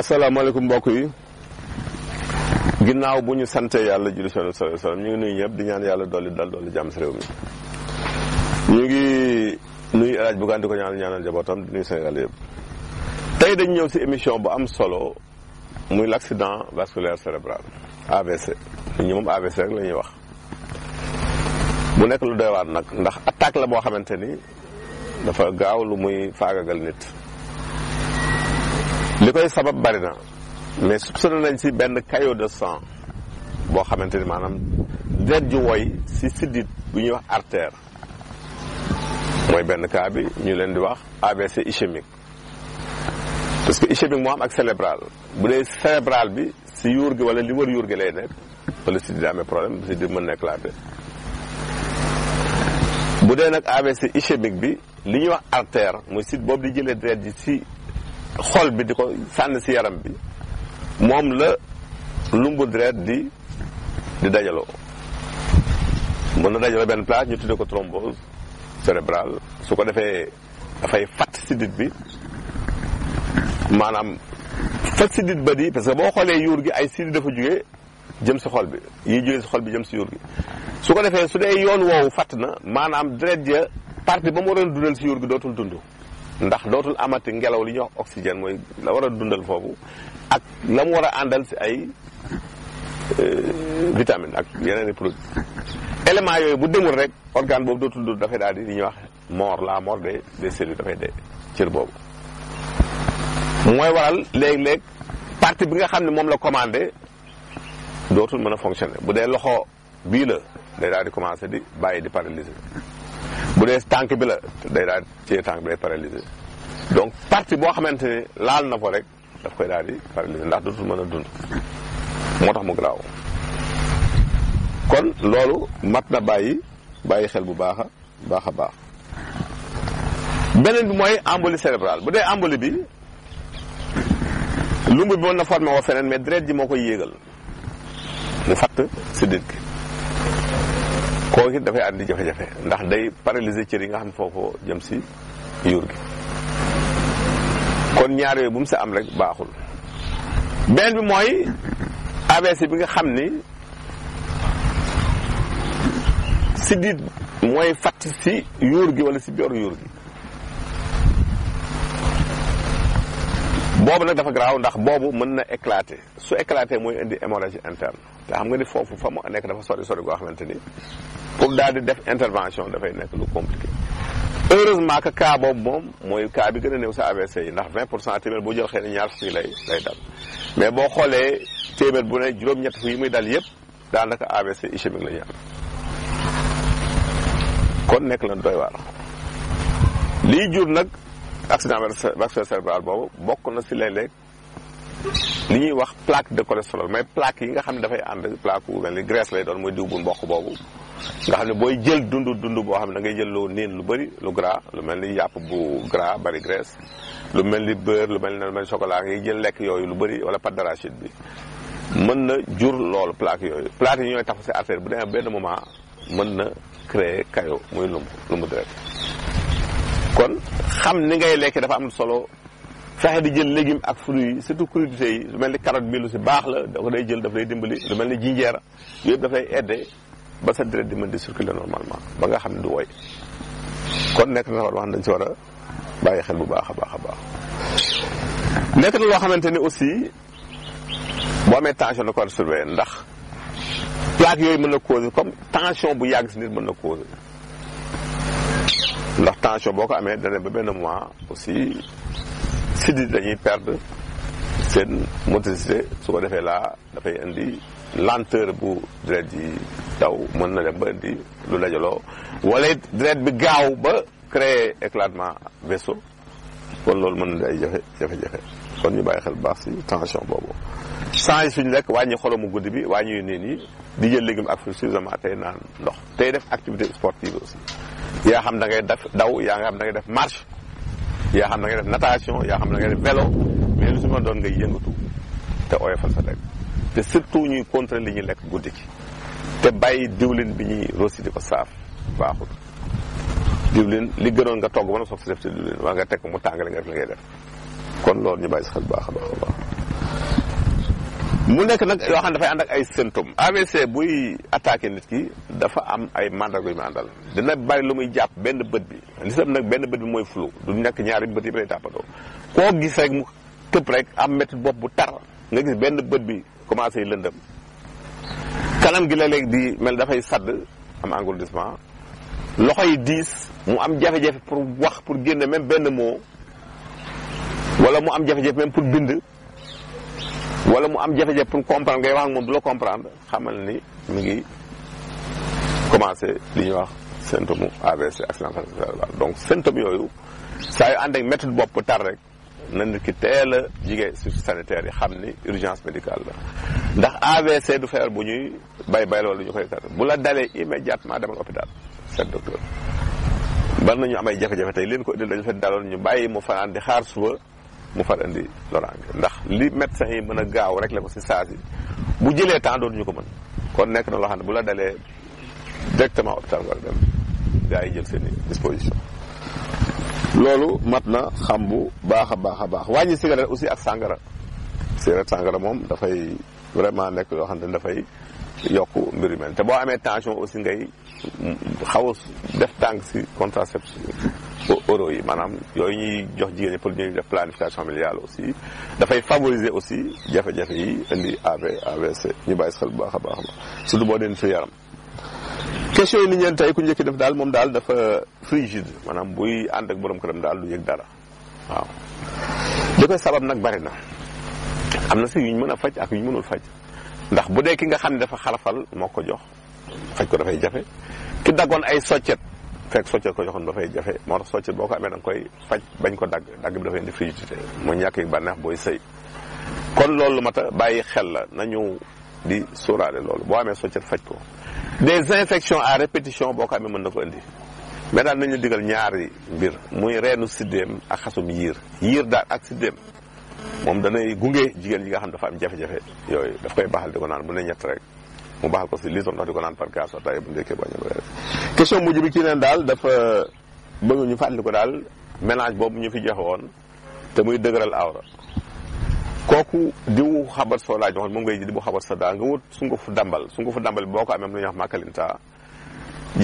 asalaamaaleykum mbokk yi ginnaaw bu ñu sante yàlla julli sal salai sallam ñu ngi nuyu ñëpp di ñaan yàlla dolli dal dolli jàmm si réew mi ñu ngi nuyu El Hadj Bougane di ko ñaanal ñaanal njabootam di nuyu Sénégal yëpp tey dañ ñëw si émission bu am solo muy la accident vasculaire cérébral AVC ñu moom AVC rek lañuy wax bu nekk lu doy nag ndax attaque la boo xamante ni dafa gaaw lu muy faagagal nit li koy sabab bari na mais soupçonné nañ si benn caillot de sang boo xamante ni maanaam deret ju woy si siddit bu ñuy wax artère mooy benn cas bi ñu leen di wax AVC ischémique parce que ischémique moo am ak cérébral bu dee cérébral bi si yuur gi wala li wër yuur gi lay nekk wala siddit amee problème siddit mën na éclater bu dee nag AVC ischémique bi li ñuy wax artère mooy sidd boobu di jëlee deret ji si xol bi di ko sànn si yaram bi moom la lumbu dret di di dajaloo mën na dajaloo benn place ñu tudde ko thrombose cérébrale su ko defee dafay fatt sidit bi maanaam fat sidit ba di parce que boo xoolee yuur gi ay sidit dafa jóge jëm si xol bi yiy jógee si xol bi jëm si yuur gi su ko defee su dee yoon woowu fatt na maanaam deret ja partie ba mu waroon dundal si yuur gi dootul dund ndax dootul amati ngelaw li ñu wax oxygène mooy la war a dundal foofu ak la mu war àndal si ay euh, vitamine ak yeneen i produit élément yooyu bu demul rek organe boobu dootul dund dafay daal di li ñuy wax mort la mort des des cellules dafay dee cër boobu mooy waral léeg-léeg partie bi nga xam ne moom la commandé dootul mën a fonctionner bu dee loxo bii la day daal di commencé di bàyyi di paralyser bu dee tànk bi la day daal ci tànk bi day paralysé donc partie boo xamante ni laal na ko rek daf koy daal di paralysé ndax dootul mën a dund moo tax mu garaaw kon loolu mat na bàyyi bàyyi xel bu baaxa a baax a baax beneen bi mooy embolie cérébrale bu dee embolie bi lumb bi mën na formé woo feneen mais deret ji moo koy yéegal mu fatt si dit ki koo it dafay àndi jafe-jafe ndax day paralyser cër yi nga xam ne foofu jëm si yuur gi kon ñaar yooyu bu mu sa am rek baaxul benn bi mooy AVC bi nga xam ni siddiit mooy fatt si yuur gi wala si biir yuur gi boobu nag dafa garaaw ndax boobu mën na éclater su éclater mooy indi hémorragie interne te xam nga ni foofu fa mu nekk dafa sori sori goo xamante ni pour daal di def intervention dafay nekk lu compliqué. heureusement que ka boobu moom mooy cas bi gën a new sa AVC yi ndax 20 pour cent téeméer boo jël xëy na ñaar fukki lay lay dal mais boo xoolee téeméer bu ne juróom-ñett fu yi muy dal yëpp daanaka AVC ischémique la ñu kon nekk lan doy waar lii jur nag. accident vasculaire cérébral boobu bokk na si léeg-léeg li ñuy wax plaque de cholestérol mais plaque yi nga xam ne dafay ànd plaque bu mel ni graisse lay doon mooy diw bu mboq boobu nga xam ne booy jël dund dund boo xam ne da ngay jël lu niin lu bëri lu gras lu mel ni yàpp bu gras bari graisse lu mel ni beurre lu mel ni lu mel ngay jël lekk yooyu lu bëri wala pâte d'arachide bi mën na jur loolu plaque yooyu plaque yi ñooy taxu si artère bu demee benn moment mën na créer kayo muy lumb lumb xam ni ngay lekke dafa am solo fexe di jël légumes ak fruits yi surtout crudités yi lu mel ni carotte bi lu si baax la da ko day jël daf lay dimbali lu mel ni jinjeera yooyu daf lay aidé ba sa deret di mën di circuler normalement ba nga xam ne du woy kon nekk na loo xam dañ si war bàyyi xel bu baax a baax a baax nekk na loo xamante ni aussi boo amee tension na ko war a surveiller ndax plaque yooyu mën na causer comme tension bu yàgg si nit mën na causer ndax tension boo ko amee dana ba benn mois aussi sidit dañuy perdre seen motricité su ko defee laa dafay indi lenteur bu deret yi daw mën na dem ba indi lu dajaloo wala dread bi gaaw ba créer éclatement vaisseau kon loolu mën na ay jafe jafe-jafe kon ñu bàyyi xel baax si tension boobu change suñu lekk wàññi xolomu guddi bi wàññi neen yi di jël légume ak fruits suffisamment tey naan ndox tey def activité sportive aussi yaa xam da ngay def daw yaa nga xam da ngay def marche yaa xam da ngay def natation yaa xam da ngay def vélo mais lu si ma doon ngay yëngatu te oyofal sa lekk te surtout ñuy contrer li ñuy lekk guddi gi te bàyyi diwlin bi ñuy rosi di ko saaf baaxul diwlin li gënoon nga togg ba nga soog si def si diwlin waa nga teg mu tàngale nga def li ngay def kon loolu ñu bàyyi si xel baax a mu nekk nag yoo xam ne dafay ànd ak ay symptômes AVC buy attaqué nit ki dafa am ay mandarga yu mu àndal dina bari lu muy jàpp benn bët bi li si nag benn bët bi mooy flou du ñàkk ñaari bët yi ba lay tàppatoo koo gis rek mu tëb rek am métti bopp bu tar nga gis benn bët bi commencé lëndëm kanam gi la léegi di mel dafay sadd am engourdissement loxo yi diis mu am jafe-jafe pour wax pour génne même benn mot wala mu am jafe-jafe même pour bind wala mu am jafe-jafe pour comprendre nga wax ak moom du la comprendre xamal ni mu ngi commencé li ñuy wax symptôme AVC accident cérébral donc symptôme yooyu saa yu ànd ak méthode bopp tar rek na nit ki teel a jigee service sanitaire yi xam ni urgence médicale la ndax AVC du feebar bu ñuy bay bay loolu ñu koy tar bu la dalee immédiatement demal hôpital seet docteur bari nañu am ay jafe-jafe tey leen ko indil dañu fa daloon ñu bàyyi mu fanaan di xaar suba mu far indi loraange ndax li médecin yi mën a gaaw rek la ko si saa si bu jëlee temps ñu ko mën kon nekk na loo xam ne bu la dalee directement hôpital war a dem gaa yi jël seen i disposition loolu mat na xam bu baax a baax a baax wàññi cigarette aussi ak sàngara cigarette sàngara moom dafay vraiment nekk loo xam ne dafay yokk mbir yu mel te boo amee tension aussi ngay xaw a def tànk si contraception euro yi maanaam yooyu ñuy jox jigéen ñi pour ñuy def planification familiale aussi dafay favoriser aussi jafe-jafe yi indi AV AVC ñu bàyyi xel bu baax a baax a surtout boo deen fi yaram. question yi ni ñeen tey ku njëkk def daal moom daal dafa frigide maanaam buy ànd ak boroom borom këram daal du yëg dara waaw li koy sabab nag bari na am na si yuñ mën a faj ak yuñ mënul faj ndax bu dee ki nga xam ne dafa xarafal moo ko jox faj ko dafay jafe ki daggoon ay soccet fekk soccet ko joxoon ba fay jafe moo tax soccet boo ko amee da koy faj bañ ko dagg dagg bi dafay indi frigidité mu ñàkk yi bànneex booy sëy kon loolu mat a bàyyi xel la nañu di sóoraale loolu boo amee soccet faj ko des infection à répétition boo ko amee mën na ko indi mais daal nañu digal ñaari mbir muy reenu siddéem ak xasum yiir yiir daal ak siddéem moom danay gunge jigéen ñi nga xam dafa am jafe-jafe yooyu daf koy baaxal di ko naan bu ne ñett rek mu baaxal ko question mujj bi ki neen daal dafa bëgg ñu fàttali ko daal ménage boobu ñu fi joxe woon te muy dëgëral awra kooku diwu xabar soo laaj waxoon moom ngay ji diwu xabar soo daal nga wut sungufu dambal sungufu dambal boo ko amee am lu ñuy wax makalinta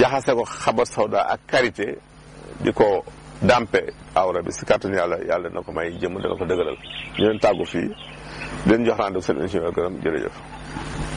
jaxase ko xabar sawda ak karité di ko dampe awra bi si kàttanu yàlla yàlla na ko may jëm dana ko dëgëral ñu leen tàggu fii di leen jox rendez-vous seen émission gërëm jërëjëf